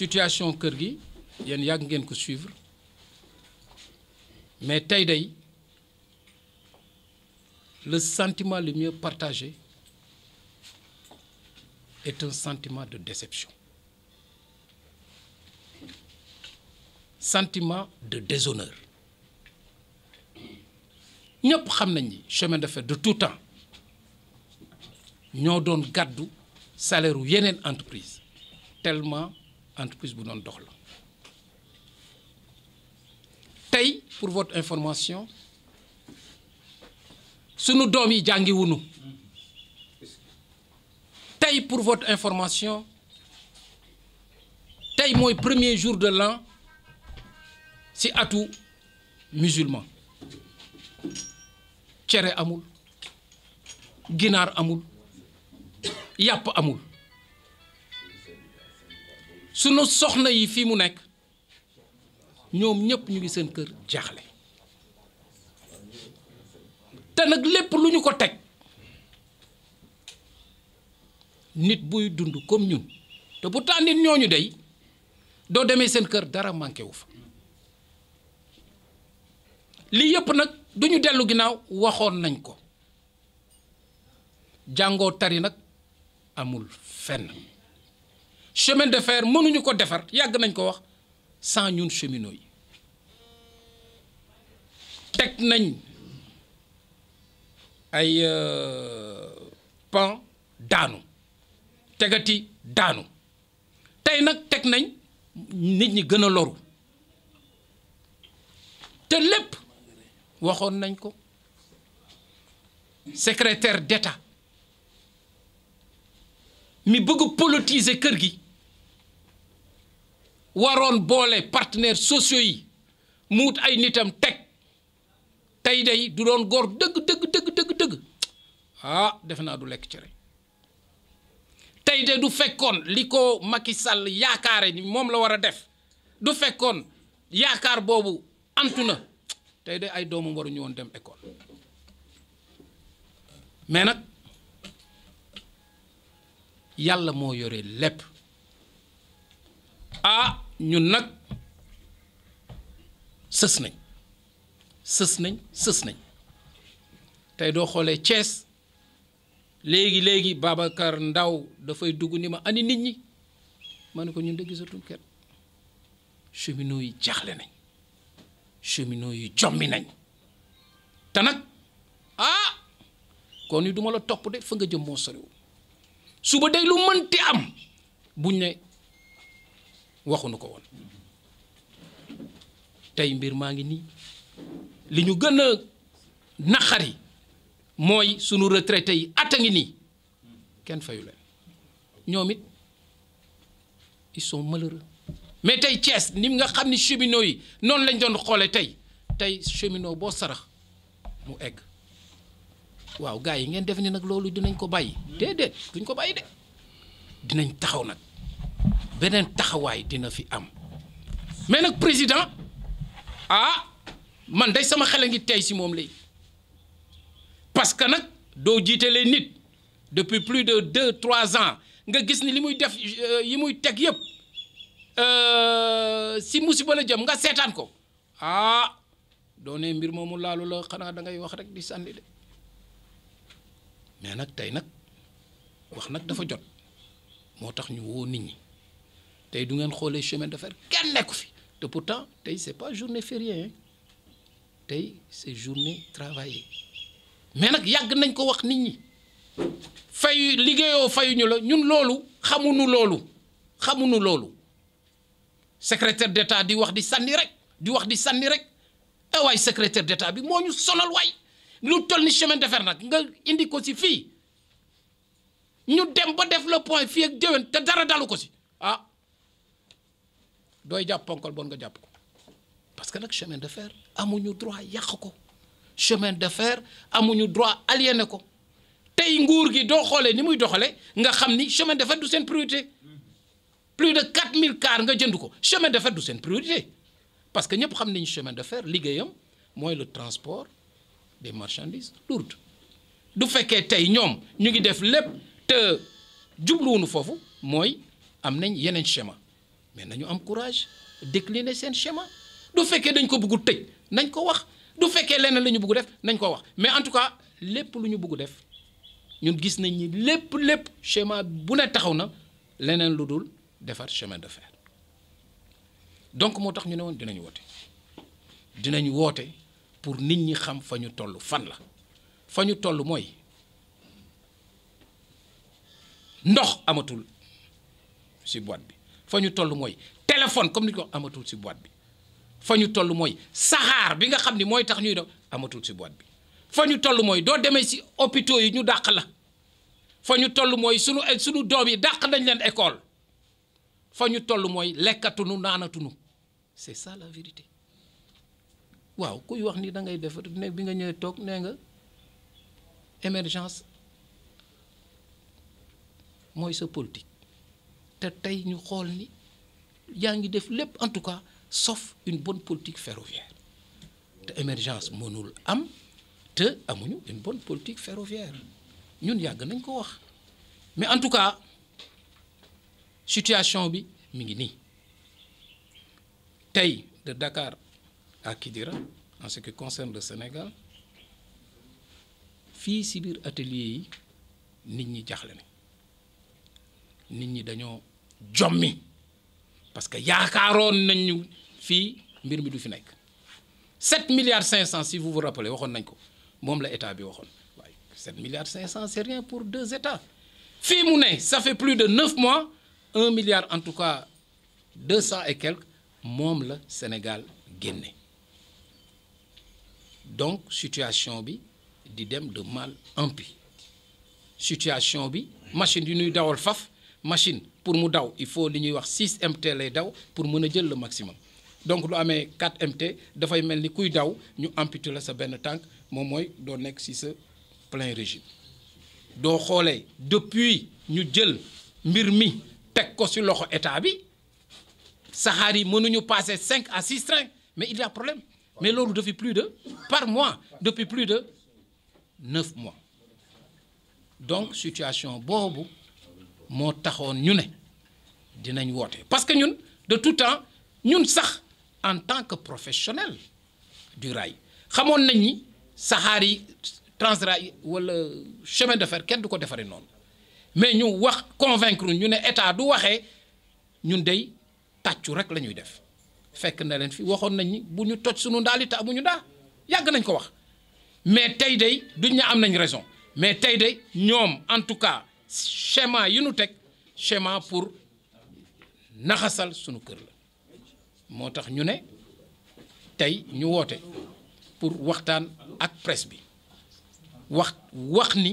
situation kër gi yéen yàgg ngeen ko suivre mais tey day le sentiment le mieux partagé est un sentiment de déception sentiment de déshonneur ñëpp xam nañ ni chemin de fer de tout temps ñoo doon gàddu salaire u yeneen entreprise entreprise bu doon dox la tey pour votre information sunu doom yi jàngi wunu tey pour votre information tey mooy premier jour de l'an ci atu musulman cere amul ginaar amul yàpp amul sunu soxna yi fii mu nekk ñoom ñépp ñu ngi seen kër jaaxle te nag lépp lu ñu ko teg nit buy dund comme ñun te pourtant nit ñooñu dey doo demee seen kër dara manqué fa lii yëpp nag duñu dellu ginnaaw waxoon nañ ko jàngoo tari nag amul fenn chemin de fer mënuñu ko defar yàgg nañ ko wax sans ñun cheminots yi teg nañ ay euh, pan daanu tegati daanu tey nag teg nañ nit ñi gën a loru te lépp waxoon nañ ko secrétaire d'État mi bëgg politiser kër gi waroon boole partenaires sociaux yi mu wut ay nitam teg tey day du doon góor dëgg dëgg dëgg dëgg ah defe naa du lekk cere tey de du fekkoon li ko Macky Sall yaakaare ni moom la war a def du fekkoon yaakaar boobu antu na tey de ay doomam waruñu woon dem école mais nag yàlla moo yore lépp ah ñun nag sës nañ sës nañ sës nañ tey doo xoolee Thiès léegi léegi Babacar Ndaw dafay dugg ni ma ani nit ñi ma ne ko ñun de gisatum kenn cheminot yi jaaxle nañ cheminot yi jommi nañ te nag ah kon ni duma la topp de fa nga jëm moo soriwul suba day lu mënti am buñ ne. waxuñu ko woon tey mbir maa ngi nii li ñu gën a naqari mooy sunu retraité yi at a ngi nii kenn fayu leen ñoom it ils sont malheureux mais tey Thiès ni nga xam ni cheminot yi noonu lañ doon xoolee tey tey cheminot boo sarax mu egg waaw gaa yi ngeen def ni nag loolu dinañ ko bàyyi déedéet duñ ko bàyyi de dinañ taxaw nag. beneen taxawaay dina fi am mais nag président ah man day sama xel a ngi tey si moom lay parce que nag doo jiitalee nit depuis plus de deux trois ans nga gis ni li muy def euh, yi muy teg yëpp euh, si musiba la jëm nga seetaan ko ah doone mbir moomu laalu la xanaa da ngay wax rek di sànni de mais nag tey nag wax nag dafa jot moo tax ñu woo nit ñi tey du ngeen xoolee chemin de fer kenn nekku fi te pourtant tey c'est pas journée fériée tey c'est journée travaillée mais nag yàgg nañ ko wax nit ñi fay liggéeyoo fayuñu la ñun loolu xamuñu loolu xamuñu loolu secrétaire d'État di wax di sànni rek di wax di sànni rek ah waay secrétaire d'État bi moo ñu sonal waay lu toll ni chemin de fer nag nga indi ko si fii ñu dem ba def le point fii ak déwén te dara dalu ko si ah. dooy jàpp ponkal bon nga jàpp ko parce que nag chemin de fer amuñu droit yàq ko chemin de fer amuñu droit aliéné ko tey nguur gi doo xoolee ni muy doxalee nga xam ni chemin de fer du seen priorité plus de 4000 cars nga jënd ko chemin de du seen priorité parce que ñëpp xam nañ chemin de fer liggéeyam mooy le transport des marchandise lourdes du fekkee tey ñoom ñu ngi def lépp te jubluwunu foofu mooy am nañ yeneen chemin mais nañu am courage décliner seen schéma du fekkee dañ ko bëgg tëj nañ ko wax du fekkee leneen la ñu def nañ ko wax mais en tout cas lépp lu ñu bëgg def ñun gis nañ ni lépp lépp schéma bu ne taxaw na leneen lu dul defar chemin de fer donc moo tax ñu ne woon dinañ woote dinañu woote pour nit ñi xam fa ñu tollu fan la fa ñu toll mooy ndox amatul ci boîte bi fa ñu toll mooy téléphone comme ni ko amatul si boîte bi fa ñu toll mooy saxaar bi nga xam ni mooy tax ñuy def amatul si boîte bi fa ñu toll mooy doo demee si opito yi ñu dàq la fa ñu toll mooy sunu sunu doom yi dàq nañ leen école fa ñu toll mooy lekkatunu naanatunu c'est ça la vérité waaw kuy wax nii dangay ngay def ne bi nga ñëwee toog nee nga émergence mooy sa politique te tey ñu xool ni yaa ngi def lépp en tout cas sauf une bonne politique ferroviaire te émergence mënul am te amuñu une bonne politique ferroviaire ñun yàgg nañ ko wax mais en tout cas situation bi mi ngi nii tey de dakaar à Kidira en ce qui concerne le Sénégal fii si biir atelier yi nit ñi jaxle na nit ñi dañoo jommi parce que yaakaaroon nañu fii mbir mi du fi nekk 7 milliards 500 si vous vous rappelez waxoon nañ ko moom la état bi waxoon waaye 7 milliards 500 c'est rien pour deux états fii mu ne ça fait plus de 9 mois 1 milliard en tout cas 200 et quelques moom la Sénégal génne donc situation bi di dem de mal en pis situation bi machine yi nuy dawal faf machine pour mu daw il faut li ñuy wax 6 mt lay daw pour mën a jël la maximum donc lu amee 4 mt dafay mel ni kuy daw ñu amputé la sa benn tànk moom mooy doo nekk ci sa plein régime doo xoolee depuis ñu jël mbir mi teg ko ci loxo état bi saxaar yi mënuñu passer 5 à 6 trains mais il y a problème mais loolu depuis plus de par mois depuis plus de 9 mois donc situation boobu moo taxoon ñu ne dinañ woote parce que ñun de tout temps ñun sax en tant que professionnel du rail xamoon nañ ni saxaar yi Transrail wala chemin de fer kenn du ko defaree noonu mais ñu wax convaincre ñu ne état du waxee ñun day tàccu rek la ñuy def fekk na leen fi waxoon nañ ni bu ñu toj sunu ndaal te amuñu ndaa yàgg nañ ko wax mais tey day duñ na am nañ raison mais tey day ñoom en tout cas. schéma yi nu teg schéma pour naxasal sunu kër la moo tax ñu ne tey ñu woote pour waxtaan ak presse bi wax wax ni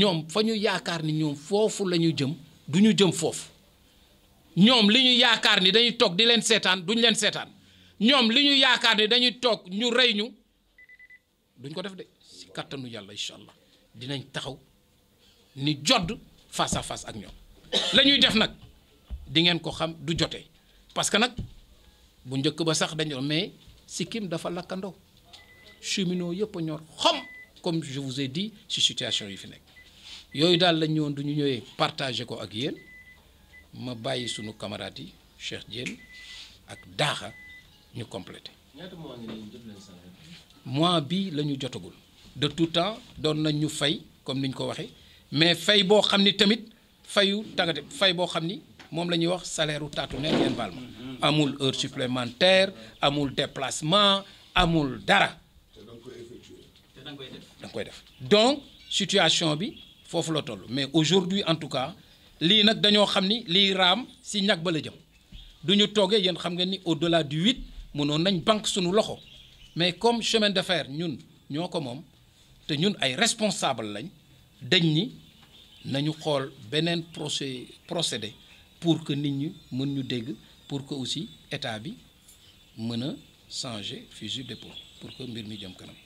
ñoom fa ñu yaakaar ni ñoom foofu la ñu jëm du ñu jëm foofu ñoom li ñu yaakaar ni dañuy toog di leen seetaan duñ leen seetaan ñoom li ñu yaakaar ni dañuy toog ñu rey ñu duñ ko def de si kàttanu yàlla incha allah dinañ taxaw ni jodd face à ak ñoom la ñuy def nag di ngeen ko xam du jotee parce que nag bu njëkk ba sax dañu mais sikkim dafa lakkandoo cheminot yëpp a ñor xom comme je vous ai dit ci situation yi fi nekk yooyu daal la ñëwoon du ñu ñëwee partagé ko ak yéen ma bàyyi sunu camarades yi Cheikh Diène ak Daaxa ñu complété. mois bi la ñu jotagul. de tout temps doon nañ ñu fay comme ni ko waxee mais fay boo xam ni tamit fayu tàggate fay boo xam ni moom la ñuy wax salaire u taatu ne ngeen baal ma amul heure supplémentaire amul déplacement amul dara da koy def donc situation bi foofu la toll mais aujourd'hui en tout cas lii nag dañoo xam ni lii raam si ñag ba la jëm du ñu toogee yéen xam nga ni au delà du huit mënoon nañ banque suñu loxo mais comme chemin de fer ñun ñoo ko moom te ñun ay responsable lañ dañ ni nañu xool beneen procé procédé pour que nit ñi mën ñu dégg pour que aussi état bi mën a changer de d'épaule pour que mbir mi jëm kanam